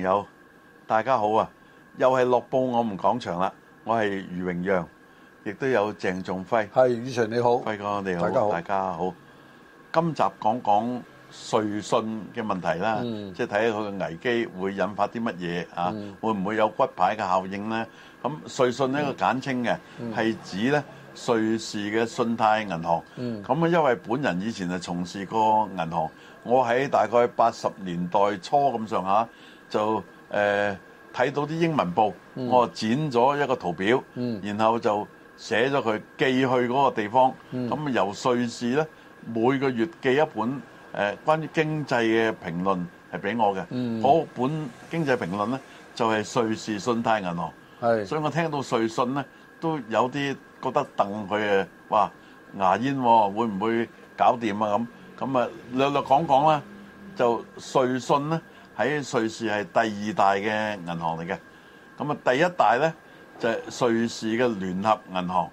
有大家好啊！又係樂報我們講場啦，我係余榮讓，亦都有鄭仲輝。係宇祥，你好，輝哥你好，大家好。今集講講瑞信嘅問題啦，即係睇下佢嘅危機會引發啲乜嘢啊？會唔會有骨牌嘅效應咧？咁瑞信呢個、嗯、簡稱嘅係指咧瑞士嘅信貸銀行。咁啊、嗯，因為本人以前啊從事過銀行，我喺大概八十年代初咁上下。就誒睇、呃、到啲英文報，嗯、我剪咗一個圖表，嗯、然後就寫咗佢寄去嗰個地方。咁啊、嗯、由瑞士咧每個月寄一本誒、呃、關於經濟嘅評論係俾我嘅。嗰、嗯、本經濟評論咧就係、是、瑞士信貸銀行，是所以我聽到瑞信咧都有啲覺得瞪佢嘅哇牙煙喎、哦，會唔會搞掂啊？咁咁啊略略講講啦，就瑞信咧，喺瑞士係第二大嘅銀行嚟嘅，咁啊第一大咧就係瑞士嘅聯合銀行，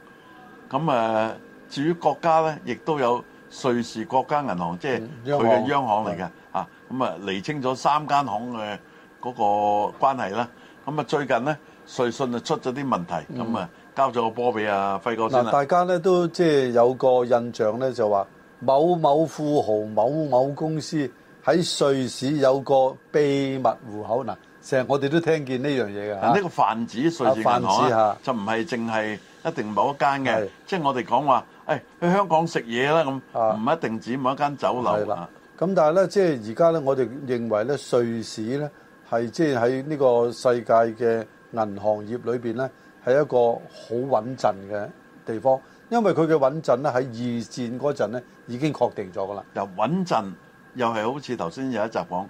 咁啊至於國家咧，亦都有瑞士國家銀行，即係佢嘅央行嚟嘅、嗯，啊咁啊釐清咗三間行嘅嗰個關係啦。咁啊最近咧，瑞信就出咗啲問題、啊嗯，咁啊交咗個波俾阿輝哥先啦、嗯、大家咧都即係有個印象咧，就話某某富豪某某公司，喺瑞士有個秘密戶口嗱，成日我哋都聽見呢樣嘢㗎。呢個泛指瑞士銀行泛指就唔係淨係一定某一間嘅，即係的我哋講話，誒、哎、去香港食嘢啦咁，唔一定指某一間酒樓啦。咁但係咧，即係而家咧，我哋認為咧，瑞士咧係即係喺呢個世界嘅銀行業裏邊咧，係一個好穩陣嘅地方，因為佢嘅穩陣咧喺二戰嗰陣咧已經確定咗噶啦。又穩陣。又係好似頭先有一集講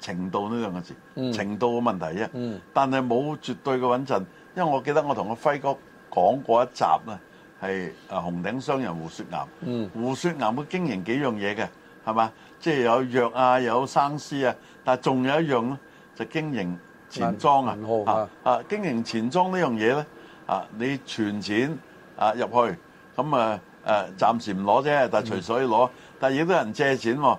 程度呢兩個字，程度嘅、嗯、問題啫。嗯、但係冇絕對嘅穩陣，因為我記得我同阿輝哥講過一集啦，係啊紅頂商人胡雪巖。嗯、胡雪巖佢經營幾樣嘢嘅，係嘛？即係有藥啊，有生絲啊，但係仲有一樣咧，就經營錢莊啊。啊啊！經營錢莊這東西呢樣嘢咧，啊你存錢啊入去，咁啊誒暫時唔攞啫，但係隨時可以攞。嗯、但係亦都有人借錢喎、啊。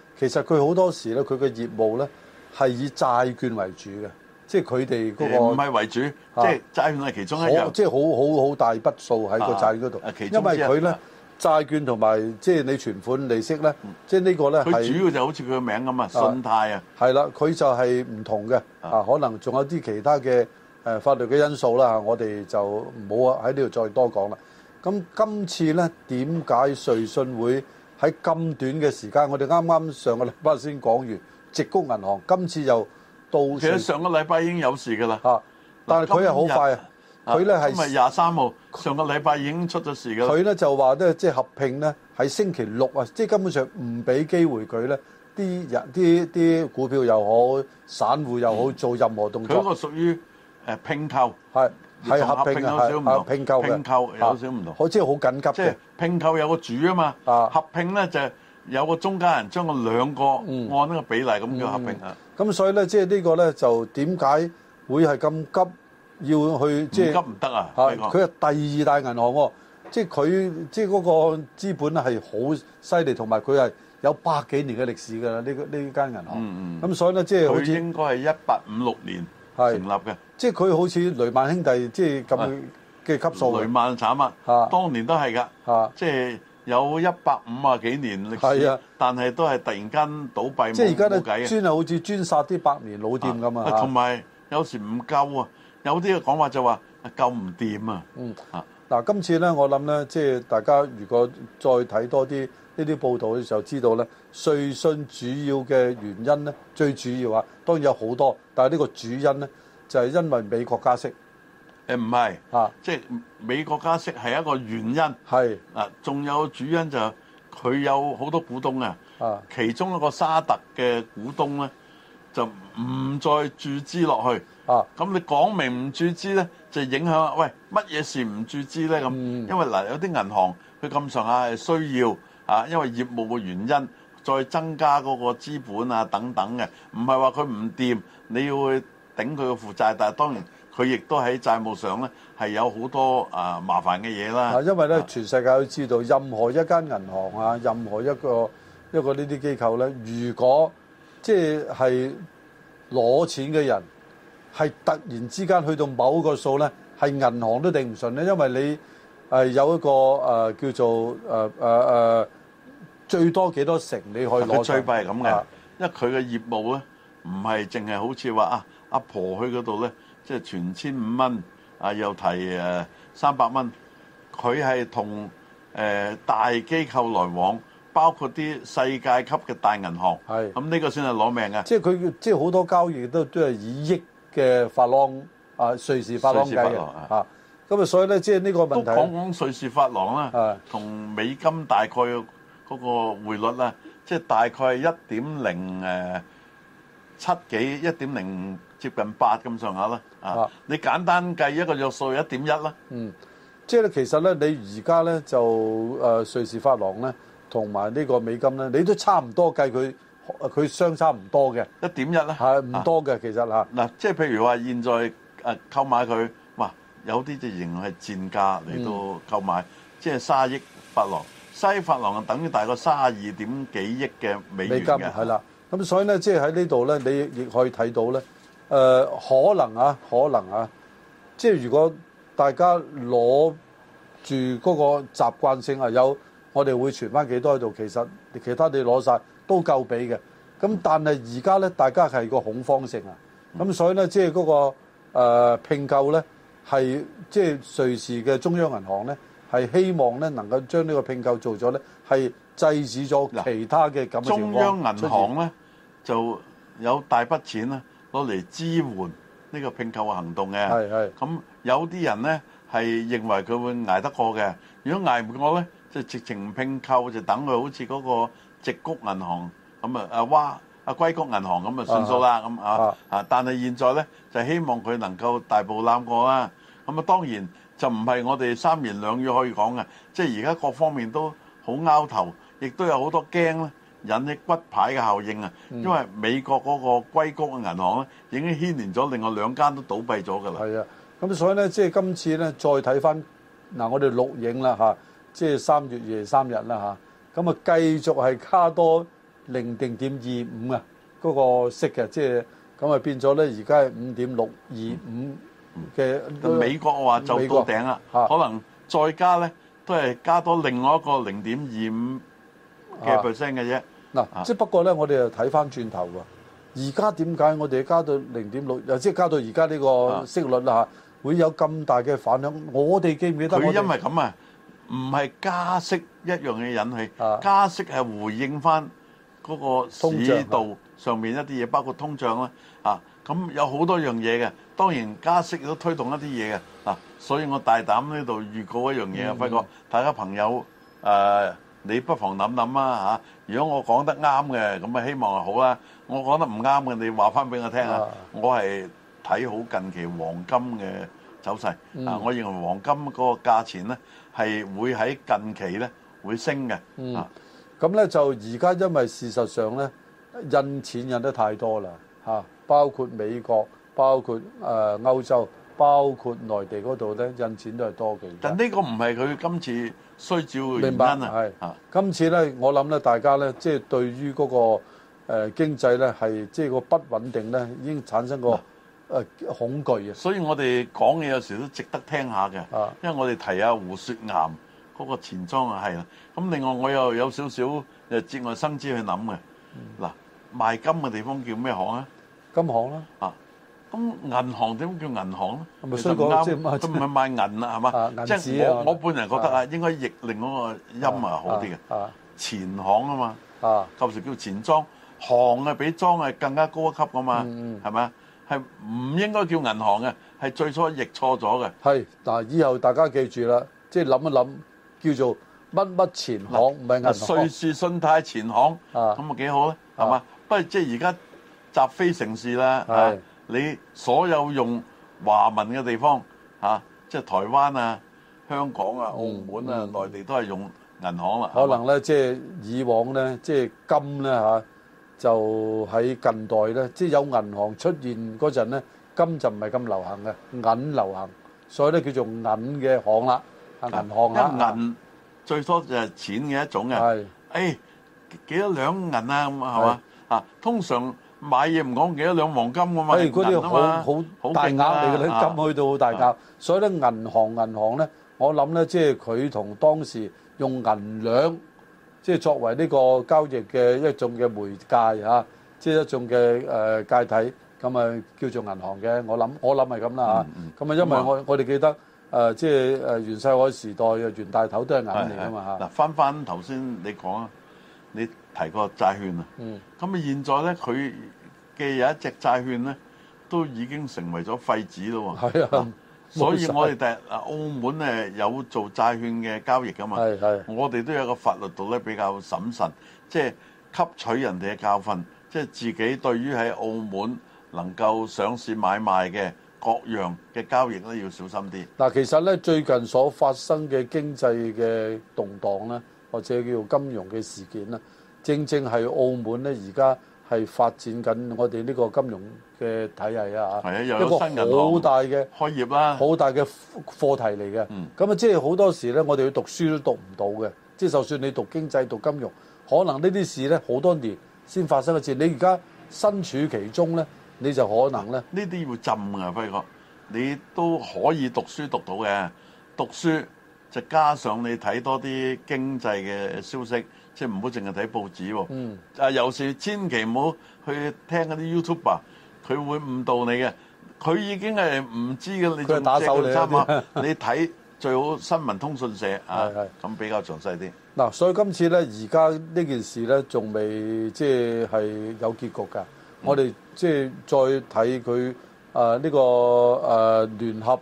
其實佢好多時咧，佢嘅業務咧係以債券為主嘅，即係佢哋嗰個唔係為主，啊、即係債券係其中一樣，即係好好好大筆數喺個債券嗰度、啊。其中因為佢咧債券同埋即係你存款利息咧，嗯、即係呢個咧。佢主要就好似佢嘅名咁啊，信泰啊。係啦，佢就係唔同嘅啊，可能仲有啲其他嘅誒法律嘅因素啦。我哋就唔好喺呢度再多講啦。咁今次咧點解瑞信會？喺咁短嘅時間，我哋啱啱上個禮拜先講完，矽谷銀行今次又到。其實上個禮拜已經有事㗎啦嚇，但係佢係好快，佢咧係今日廿三號，上個禮拜已經出咗事㗎。佢咧就話咧，即係合併咧，喺星期六啊，即係根本上唔俾機會佢咧，啲人啲啲股票又好，散戶又好，做任何動作。佢嗰個屬於誒併購係。係合併有少少唔同，拼購嘅有少唔同。好真係好緊急嘅，即係拼購有個主啊嘛。合併咧就係有個中間人將個兩個按呢個比例咁嘅合併。咁所以咧，即係呢個咧就點解會係咁急要去？唔急唔得啊！嚇，佢係第二大銀行，即係佢即係嗰個資本係好犀利，同埋佢係有百幾年嘅歷史㗎啦。呢呢間銀行，咁所以咧，即係好似佢應該係一八五六年。成立嘅，即係佢好似雷曼兄弟，即係咁嘅級數。雷曼慘啊，當年都係㗎，即係有一百五啊幾年歷史，但係都係突然間倒閉，即係而家都冇計。專係好似專殺啲百年老店咁啊，同埋有時唔夠啊，有啲嘅講法就話夠唔掂啊。嗯啊。嗱、啊，今次咧，我諗咧，即係大家如果再睇多啲呢啲報道嘅時候，知道咧，瑞信主要嘅原因咧，最主要啊，當然有好多，但係呢個主因咧，就係、是、因為美國加息。唔係是啊，即係美國加息係一個原因，係啊是，仲有主因就佢、是、有好多股東啊，其中一個沙特嘅股東咧，就唔再注資落去。啊！咁你講明唔注資呢，就影響喂，乜嘢事唔注資呢？嗯」咁？因為嗱有啲銀行佢咁上下係需要啊，因為業務嘅原因再增加嗰個資本啊等等嘅，唔係話佢唔掂，你要去頂佢個負債，但係當然佢亦都喺債務上呢，係有好多啊麻煩嘅嘢啦。因為呢，啊、全世界都知道，任何一間銀行啊，任何一個一個呢啲機構呢，如果即係攞錢嘅人。係突然之間去到某個數咧，係銀行都頂唔順咧，因為你誒有一個誒、呃、叫做誒誒誒最多幾多成你可以攞？啊、最弊咁嘅，因為佢嘅業務咧唔係淨係好似話啊阿婆去嗰度咧，即係存千五蚊啊又提誒三百蚊，佢係同誒大機構來往，包括啲世界級嘅大銀行，咁呢個算係攞命嘅。即係佢即係好多交易都都係以億。嘅法郎啊，瑞士法郎計啊，嚇咁啊，所以咧，即係呢個問題都講講瑞士法郎啦，同美金大概嗰個匯率啦，即係大概係一點零誒七幾，一點零接近八咁上下啦，啊，你簡單計一個約數一點一啦，嗯，即係咧，其實咧，你而家咧就誒瑞士法郎咧，同埋呢個美金咧，你都差唔多計佢。佢相差唔多嘅一點一啦，係唔多嘅、啊、其實嚇。嗱、啊，即係譬如話，現在誒購買佢，哇，有啲就仍然係賤價嚟到購買，嗯、即係卅億法郎，卅億法郎就等於大概卅二點幾億嘅美，美金。嘅，啦。咁所以咧，即係喺呢度咧，你亦可以睇到咧，誒、呃、可能啊，可能啊，即係如果大家攞住嗰個習慣性啊，有我哋會存翻幾多喺度，其實其他你攞晒。都夠俾嘅，咁但係而家咧，大家係個恐慌性啊，咁、嗯、所以咧，即係嗰個、呃、拼購咧，係即係瑞士嘅中央銀行咧，係希望咧能夠將呢個拼購做咗咧，係制止咗其他嘅咁嘅情況出現咧，中央銀行咧，就有大筆錢啊攞嚟支援呢個拼購嘅行動嘅，係係咁有啲人咧係認為佢會捱得過嘅。如果捱唔過咧，就直情唔拼購就等佢好似嗰、嗰個直谷銀行咁啊，阿蛙、阿硅谷銀行咁啊，算數啦咁啊，啊！但係現在咧，就希望佢能夠大步攬過啦。咁啊，當然就唔係我哋三言兩語可以講嘅，即係而家各方面都好拗頭，亦都有好多驚啦，引起骨牌嘅效應啊。因為美國嗰個硅谷嘅銀行咧，已經牽連咗另外兩間都倒閉咗㗎啦。係啊，咁所以咧，即係今次咧，再睇翻嗱，我哋錄影啦嚇，即係三月二三日啦嚇。咁啊，繼續係加多零定點二五啊，嗰個息嘅，即係咁啊，變咗咧，而家係五點六二五嘅美國話就到頂啦，可能再加咧都係加多另外一個零點二五嘅 percent 嘅啫。嗱、啊啊啊，即係不過咧，我哋又睇翻轉頭喎，而家點解我哋加到零點六，又即係加到而家呢個息率啊，嚇，會有咁大嘅反響，我哋記唔記得？因為咁啊。唔係加息一樣嘢引起，啊、加息係回應翻嗰個市道上面一啲嘢，脹包括通脹啦啊，咁有好多樣嘢嘅。當然加息都推動一啲嘢嘅，所以我大膽呢度預告一樣嘢啊，輝哥、嗯，大家朋友、呃、你不妨諗諗啊，啊如果我講得啱嘅，咁啊希望係好啦。我講得唔啱嘅，你話翻俾我聽啊。我係睇、啊、好近期黃金嘅走勢、嗯啊、我認為黃金嗰個價錢咧。係會喺近期呢會升嘅，嗯，咁呢就而家因為事實上呢印錢印得太多啦，嚇，包括美國，包括誒歐洲，包括內地嗰度呢印錢都係多嘅。但呢個唔係佢今次衰兆嘅原因啊，係，今次呢我諗呢大家呢即係對於嗰個誒經濟呢係即係個不穩定呢已經產生個。誒恐懼啊！所以我哋講嘢有時都值得聽下嘅，因為我哋提下胡雪岩嗰個錢莊啊，係啦。咁另外我又有少少誒，節外生枝去諗嘅。嗱，賣金嘅地方叫咩行啊？金行啦。啊，咁銀行點叫銀行咧？係咪衰過先，佢唔係賣銀啊，係嘛？銀紙啊，即係我我本人覺得啊，應該譯另外一個音啊，好啲嘅。啊，錢行啊嘛。啊，舊時叫錢莊，行啊，比莊係更加高一級噶嘛，係咪啊？係唔應該叫銀行嘅，係最初譯錯咗嘅。係，嗱，以後大家記住啦，即係諗一諗，叫做乜乜錢行，唔係銀行。瑞士信貸錢行，咁啊幾好咧，係嘛？不過即係而家習非成是啦，係你所有用華文嘅地方，嚇，即係台灣啊、香港啊、澳門啊、內地都係用銀行啦。可能咧，即係以往咧，即係金咧嚇。就喺近代咧，即係有銀行出現嗰陣咧，金就唔係咁流行嘅，銀流行，所以咧叫做銀嘅行啦，銀行啦。一銀最多就係錢嘅一種啊。係。誒幾多兩銀啊？咁啊係嘛啊？通常買嘢唔講幾多兩黃金咁啊銀啊嘛。誒嗰啲好好大額嚟嘅，你金去到好大額，所以咧銀行銀行咧，我諗咧即係佢同當時用銀兩。即係作為呢個交易嘅一種嘅媒介，即係一種嘅誒介體，咁啊叫做銀行嘅。我諗我諗係咁啦嚇。咁啊、嗯，嗯、因為我我哋記得誒、嗯呃呃、即係誒袁世凱時代嘅袁大頭都係銀嚟噶嘛嚇。嗱、嗯，翻翻頭先你講啊，你提過債券啊。嗯。咁啊，現在咧佢嘅有一隻債券咧都已經成為咗廢紙咯喎。係啊。啊所以我哋第日，啊，澳門咧有做債券嘅交易噶嘛，我哋都有個法律度咧比較審慎，即係吸取人哋嘅教訓，即係自己對於喺澳門能夠上市買賣嘅各樣嘅交易咧要小心啲。嗱，其實咧最近所發生嘅經濟嘅動蕩咧，或者叫做金融嘅事件咧，正正係澳門咧而家。係發展緊我哋呢個金融嘅體系啊，嚇！一個好大嘅開業啦，好大嘅課題嚟嘅。咁啊，即係好多時咧，我哋要讀書都讀唔到嘅。即係就算你讀經濟、讀金融，可能呢啲事咧好多年先發生一次。你而家身處其中咧，你就可能咧呢啲要浸㗎，輝哥。你都可以讀書讀到嘅，讀書就加上你睇多啲經濟嘅消息。即係唔好淨係睇報紙喎，啊，有時千祈唔好去聽嗰啲 YouTube 啊，佢會誤導你嘅，佢已經係唔知嘅，你再打手你啊嘛，你睇最好新聞通訊社啊，咁比較詳細啲。嗱，所以今次咧，而家呢件事咧，仲未即係係有結局㗎。我哋即係再睇佢啊呢個啊聯合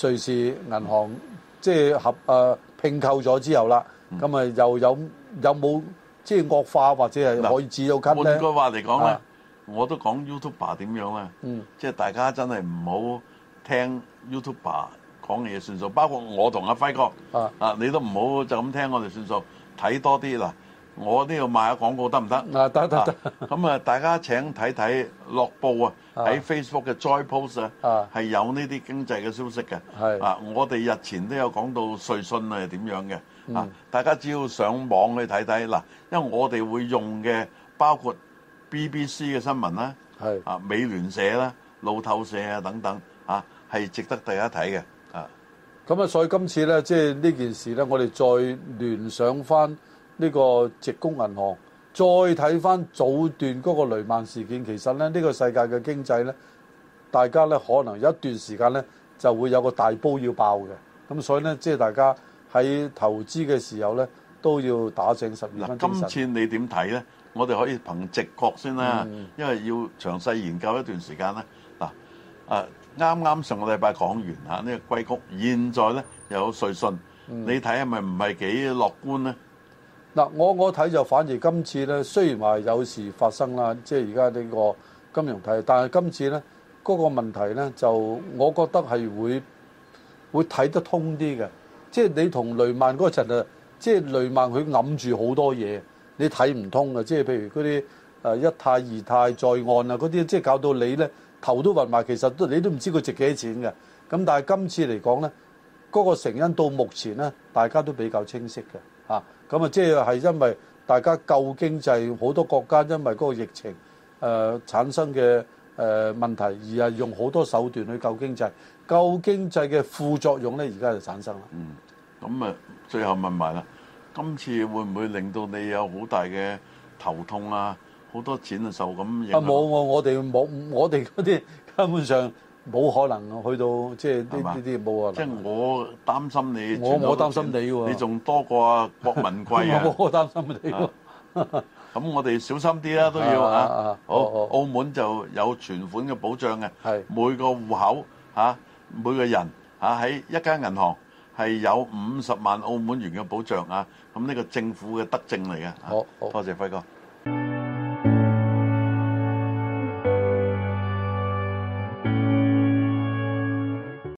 瑞士銀行即係合啊併購咗之後啦，咁啊又有。有冇即係惡化或者係喏 可以自有關咧？換句話嚟講咧，我都講 YouTuber 點樣咧？嗯，即係大家真係唔好聽 YouTuber 講嘢算數，包括我同阿輝哥啊，啊你都唔好就咁聽我哋算數，睇多啲啦。我都要賣下廣告得唔得？啊，得得得。咁啊，大家請睇睇樂報啊，喺、啊、Facebook 嘅 Joy Post 啊，係有呢啲經濟嘅消息嘅。係啊，我哋日前都有講到瑞信啊，係點樣嘅。嗯、大家只要上網去睇睇，嗱，因為我哋會用嘅包括 BBC 嘅新聞啦，係啊，美聯社啦、路透社啊等等，啊，係值得大家睇嘅啊。咁啊，所以今次呢，即係呢件事呢，我哋再聯想翻呢個直工銀行，再睇翻早段嗰個雷曼事件，其實呢，呢、呢個世界嘅經濟呢，大家呢，可能有一段時間呢，就會有個大煲要爆嘅，咁所以呢，即係大家，喺投資嘅時候咧，都要打正十二分精神。今次你點睇咧？我哋可以憑直覺先啦，因為要詳細研究一段時間咧。嗱，啱啱上個禮拜講完嚇、啊、呢個硅谷，現在咧又有瑞信，你睇係咪唔係幾樂觀咧？嗱、嗯，我我睇就反而今次咧，雖然話有事發生啦，即係而家呢個金融體，但係今次咧嗰、那個問題咧，就我覺得係會會睇得通啲嘅。即係你同雷曼嗰陣啊，即係雷曼佢揞住好多嘢，你睇唔通啊！即係譬如嗰啲誒一太二太在岸啊嗰啲，即係搞到你咧頭都暈埋，其實都你都唔知佢值幾多錢嘅。咁但係今次嚟講咧，嗰個成因到目前咧，大家都比較清晰嘅吓，咁啊，即係係因為大家救經濟，好多國家因為嗰個疫情誒、呃、產生嘅誒、呃、問題，而係用好多手段去救經濟。舊經濟嘅副作用咧，而家就產生啦。嗯，咁啊，最後問埋啦，今次會唔會令到你有好大嘅頭痛啊？好多錢啊，受咁影響啊，冇我，我哋冇，我哋嗰啲根本上冇可能去到即係呢啲啲冇啊。即係我擔心你，我我擔心你喎。你仲多過啊郭文貴啊？我擔心你。咁我哋小心啲啦，都要啊好，澳門就有存款嘅保障嘅，係每個戶口吓。每個人啊喺一間銀行係有五十萬澳門元嘅保障啊！咁呢個政府嘅德政嚟嘅。好，多謝輝哥。